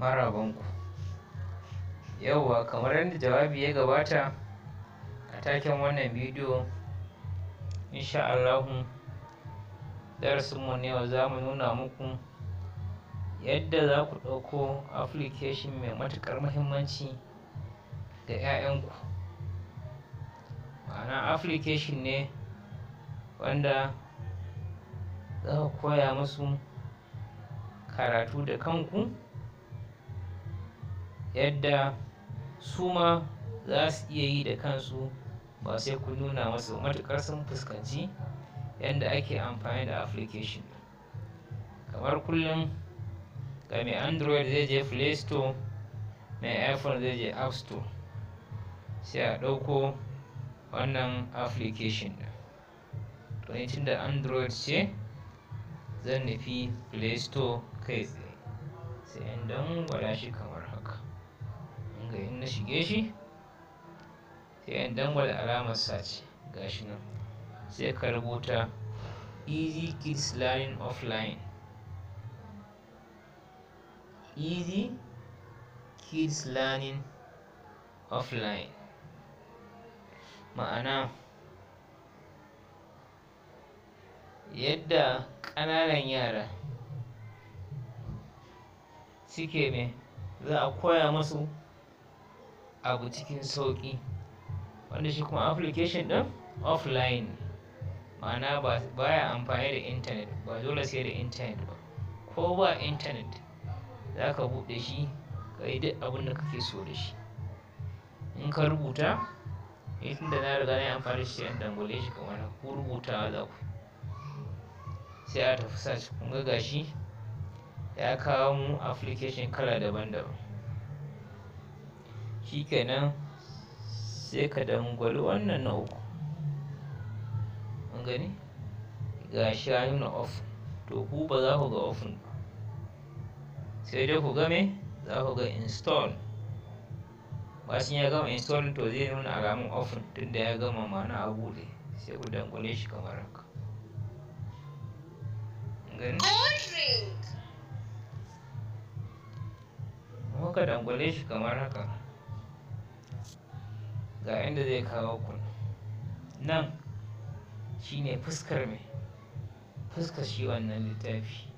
marabanku yauwa kamar yadda jawabi ya gabata a taken wannan bidiyo insha Allahu darasinmu ne yau za mu nuna muku yadda za ku ɗauko application mai matuƙar muhimmanci ga 'ya'yanku ma'ana application ne wanda za ku koya musu karatu da kanku yadda su ma za su iya yi da kansu ba sai ku nuna masu matuƙar sun fuskanci yadda ake amfani da application kamar kullum ga mai android zai je play store mai iphone zai je app store sai a ɗauko wannan application da, to android ce zan nufi play store kai tsaye sai in don gwada shi kan Ga in na shige shi sai in dangwala alamar search shi nan sai ka rubuta easy kids learning offline easy kids learning offline ma'ana yadda ƙananan yara suke ne za a koya musu abu cikin sauƙi wanda shi kuma application ɗin offline ma'ana ba ya amfani da intanet ba dole sai da intanet ba ko ba intanet za ka buɗe shi ka yi duk abin da kake so da shi in ka rubuta ni da na riga na yi amfani da shi yan dangole shi kamar ku rubuta za ku sai a tafi search kun ga gashi ya kawo mu application kala daban-daban shikenan sai ka dangwali wannan na uku an gani ga shi ya nuna off to ku ba za ku ga ofin sai dai ku game za ku ga install bayan ya gama install to zai nuna alamun ofin tunda ya gama mana a bude sai ku dangwale shi kamar haka gani muka dangwale shi kamar haka ga inda zai kawo ku nan shine fuskar mai fuskar shi wannan littafi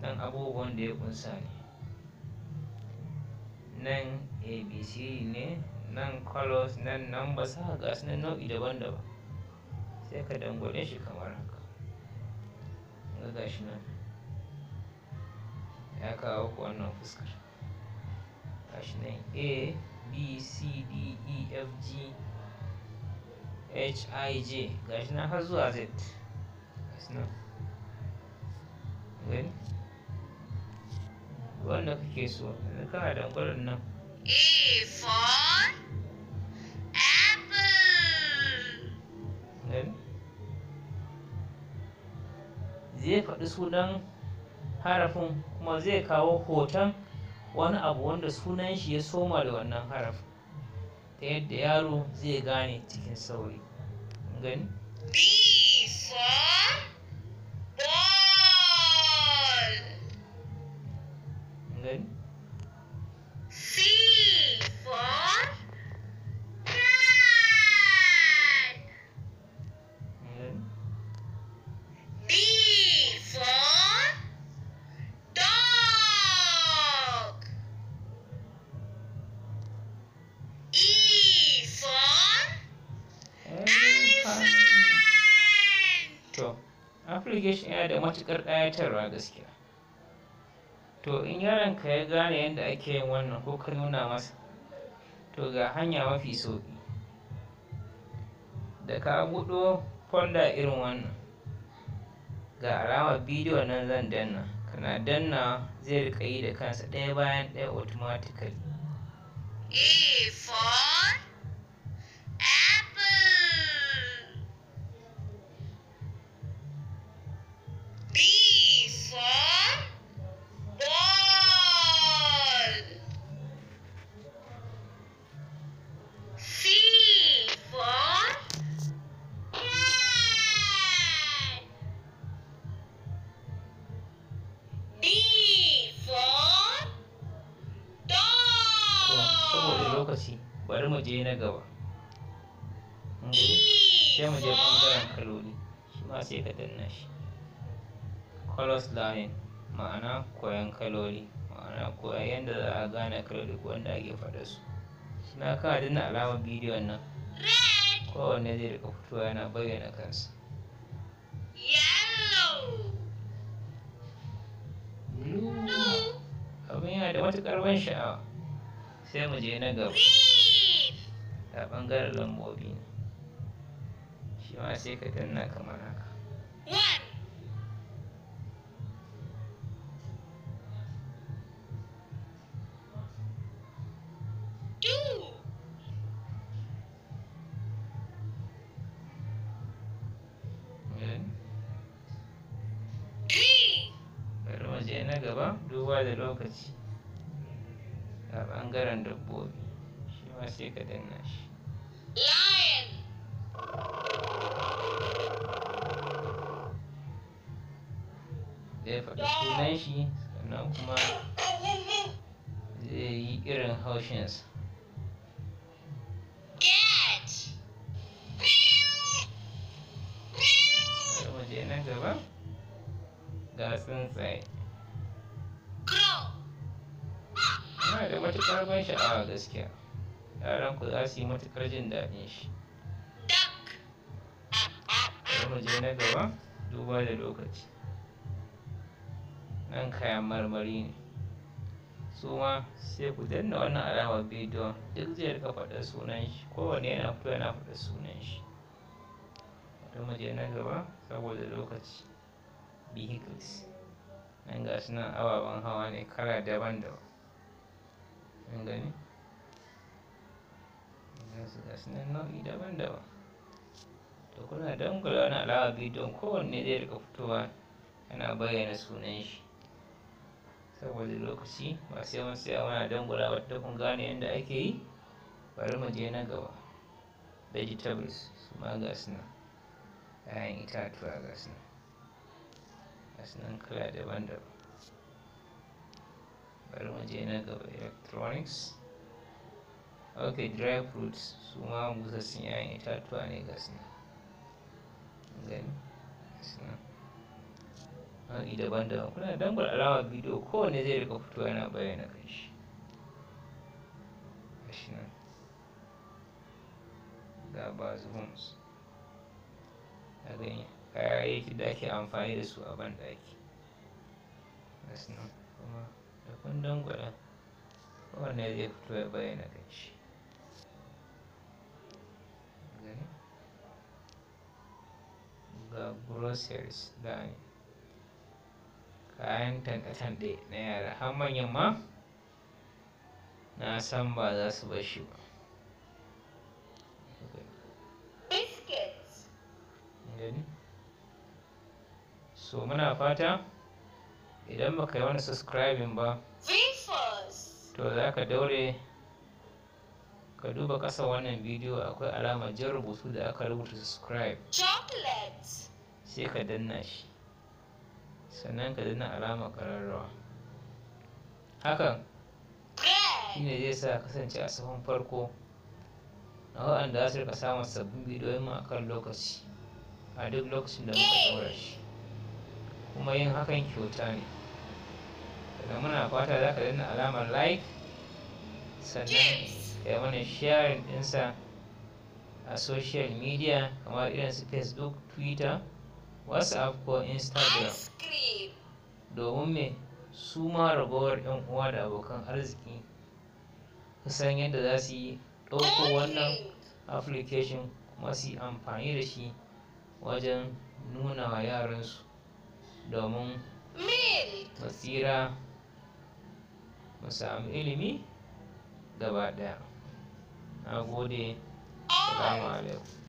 nan abubuwan da ya kunsa ne nan abc ne nan colors nan numbers haka ga su nan nau'i daban-daban sai ka dangwane shi kamar haka ga gashi nan ya kawo ku wannan fuskar gashi nan a b c d e f g h i j gashi nan har zuwa z gashi nan gani wanda kake so yanzu kana da gurin nan a for apple gani zai faɗi sunan harafin kuma zai kawo hoton wani abu wanda sunan shi ya soma da wannan haraf ta yadda yaro zai gane cikin sauri gani gani da matuƙar ƙayatarwa gaskiya to in yaronka ya gane yadda ake yin wannan ko ka nuna masa to ga hanya mafi sauƙi da ka buɗo folda irin wannan ga alamar bidiyo nan zan danna kana danna zai riƙa yi da kansa ɗaya bayan ɗaya automatically eh! bari mu je na gaba sai mu je ɓangaren kaloli shi ma sai ka danna shi colors line ma'ana koyan kaloli ma'ana koyan yadda za a gane kaloli ko wanda ake faɗa su na ka danna alamar bidiyon nan kowanne zai rika fitowa yana bayyana kansa abin yana da matuƙar ban sha'awa sai mu je na gaba ta ɓangaren lambobi ne shi ma sai ka danna kamar haka waje na gaba duba da lokaci a ɓangaren dabbobi shi ma sai ka danna shi zai sunan shi sannan kuma zai yi irin haushinsa waje na gaba ga tsuntsaye yana da matukar ban sha'awa gaskiya yaran ku za su yi matukar jin daɗin shi mu je na gaba duba da lokaci nan kayan marmari ne su ma sai ku danna wannan alamar bidiyon duk zai rika faɗa sunan shi kowane yana fito yana faɗa sunan shi Wata maje je na gaba saboda lokaci vehicles nan ga suna nan ababen hawa ne kala daban-daban an gani ga su nan nau'i daban-daban to kuna dangula wani alama bidiyon kowanne zai rika fitowa yana bayyana sunan shi saboda lokaci ba sai mun tsaya muna dangula ba ta kun gane yadda ake yi bari mu je na gaba vegetables su ma ga su nan 'ya'yan itatuwa ga su nan ga su nan kala daban-daban bari mu je na gaba electronics ok dry fruits su ma busassun 'ya'yan itatuwa ne ga su nan gani ga su nan nau'i daban-daban kuna dangwala alama bidiyo kowane zai rika fitowa yana bayyana kanshi gashi nan ga bathrooms a gani kayayyaki da ake amfani da su a ban daki gashi nan kuma da kun dangwala kowane zai fito ya bayyana kanshi ga groceries da ne kayan tanɗe-tanɗe na yara har manyan ma na san ba za su bar shi ba so muna fata idan baka yi wani subscribing ba to za ka daure ka duba ƙasa wannan bidiyo akwai alamar jan rubutu da aka rubuta subscribe sai ka danna shi sannan ka zina alamar ƙararrawa hakan shine zai sa kasance a sahun farko na waɗanda za su rika samun sabbin bidiyoyin mu akan lokaci a duk lokacin da muka ɗaura shi kuma yin hakan kyauta ne daga muna fata za ka zina alamar like sannan ka yi mana sharing ɗinsa a social media kamar irin su facebook twitter whatsapp ko instagram domin mai su ma ragowar 'yan uwa da abokan arziki san yadda za su yi ɗauko wannan application kuma su amfani da shi wajen nuna wa yaransu domin basira mu samu ilimi gaba ɗaya na gode salamu alaikum